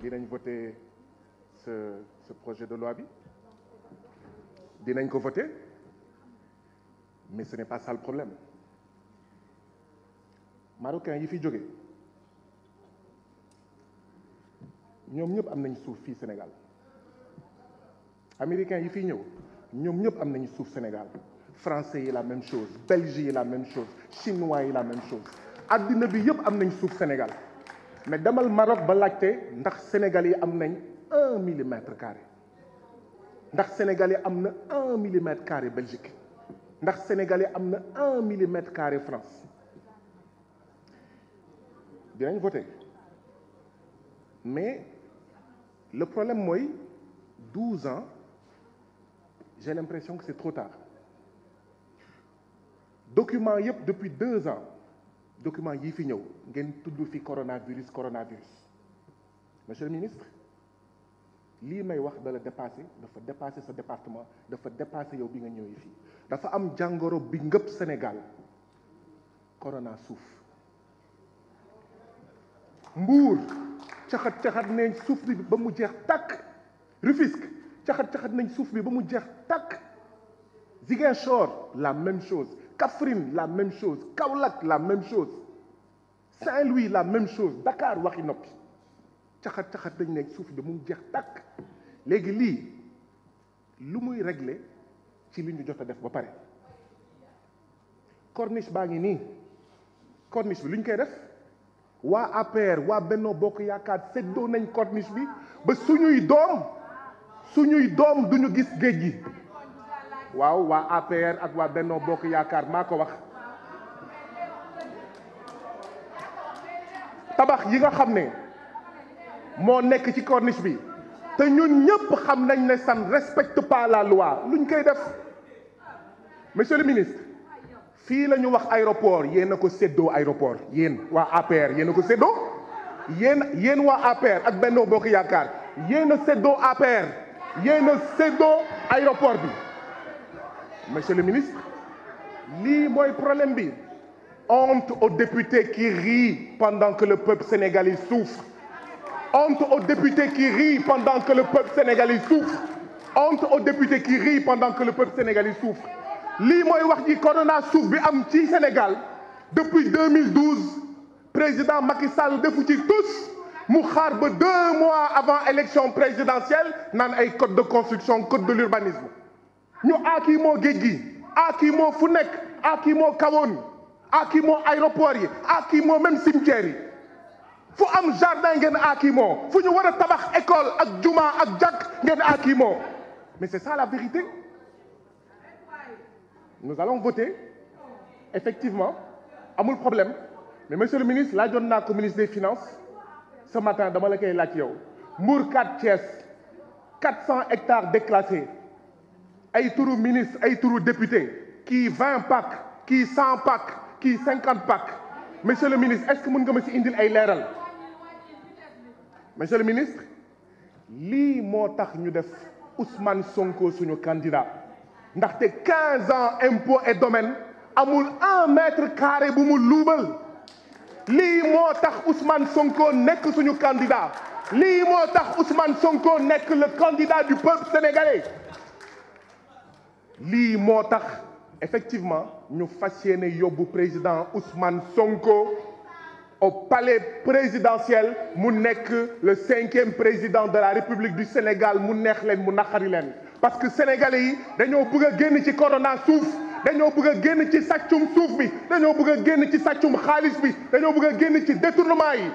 dinañ voté ce ce projet de loi bi dinañ ko voté, mais ce n'est pas ça le problème marocain yi fi jóge ñom ñëpp am nañ souf fi Sénégal américain yi fi ñëw ñom ñëpp am nañ souf Sénégal français yi la même chose belge yi la même chose chinois yi la même chose adina bi yëpp am nañ souf Sénégal mais le Maroc ba Sénégalais ndax Sénégal a 1 un millimètre carré ndax Sénégal yi a un millimètre carré Belgique ndax Sénégalais ont a un millimètre carré France voté mais le problème moi, 12 ans j'ai l'impression que c'est trop tard document depuis deux ans document yi fi ñëw ngeen tuddu fi coronavirus coronavirus monsieur le ministre li may wax dala dépassé dafa dépassé sa département dafa dépassé yow bi nga ñëwee fii dafa am jangoro bi ngëpp Sénégal corona souf mbour taxat taxat nañ souf bi ba mu jeex tak refisque taxat taxat nañ souf bi ba mu jeex tàkk Ziguinchor la même chose Kafrine, la même chose. Kaulak la même chose. Saint-Louis, la même chose. Dakar, waxi Tchakat, tchakat, tchakat, dañ de mu tak. tàkk léegi regle, lu muy régler ci li ñu jot def pare corniche baa ngi corniche bi lu ñu koy def waa APR une Benno Bokk nañ corniche bi ba suñuy suñuy nous duñu gis waaw waa APR ak waa Benno Bokk Yaakaar maa ko wax tabax yi nga xam ne moo nekk ci corniche bi te ñun ñëpp xam nañ ne s'en respecte pas la loi luñ koy def monsieur le ministre fii la ñu wax aéroport yéen a ko séddoo aéroport yéen wa APR yéen a ko séddoo yéen yéen waa APR ak Benno Bokk Yaakaar yéen a séddoo APR yéen a séddoo aéroport bi monsieur le ministre problème honte aux députés qui rient pendant que le peuple sénégalais souffre honte aux députés qui rient pendant que le peuple sénégalais souffre honte aux députés qui rient pendant que le peuple sénégalais souffre lii qui corona souffre Sénégal depuis 2012 président Macky Sall defu tous mu deux mois avant élection présidentielle dans ay code de construction code de l'urbanisme nous, Akimo, géej Akimo, funek, fu kawon, Akimo, kawoon Akimo, aéroport même cimetière fu am jardin ngeen aakimoo fu ñu wara tabax école ak juma ak mais c'est ça la vérité nous allons voter effectivement amul problème mais monsieur le ministre la naa na ministre des finances ce matin dama la kay lacc yow mour 4 400 hectares déclassés ay ministre qui député qui qui packs, qui packs, qui qui 50 packs. monsieur le ministre est-ce que vous nga ma indil ay monsieur le ministre ce qui nous ñu Ousmane Sonko suñu candidat ndaxte 15 ans impôts et domaine amul un mètre carré pour mu luubal Ce qui Ousmane Sonko que suñu candidat li Ousmane Sonko que le candidat du peuple sénégalais Li effectivement nous fascinons le président Ousmane Sonko au palais présidentiel mu le cinquième président de la République du Sénégal mu neex mu parce que sénégalais yi dañoo bëgg a ci corona Souf, dañoo bëgg a ci sàccum souf bi dañoo bëgg a ci sàccum khalis bi dañoo bëgg a ci détournement yi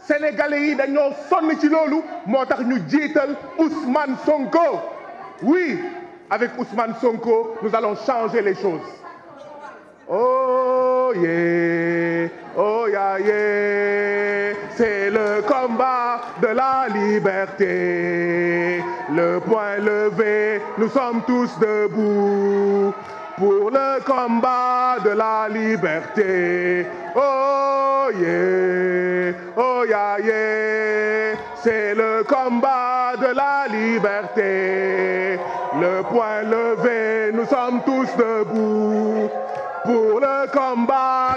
sénégalais yi dañoo sonn ci lolu motax ñu Ousmane Sonko oui avec Ousmane Sonko, nous allons changer les choses. Oh yeah, oh yeah, yeah. c'est le combat de la liberté. Le point levé, nous sommes tous debout pour le combat de la liberté. Oh yeah, oh yeah, yeah. c'est le combat de la liberté. Le poing levé, nous sommes tous debout pour le combat.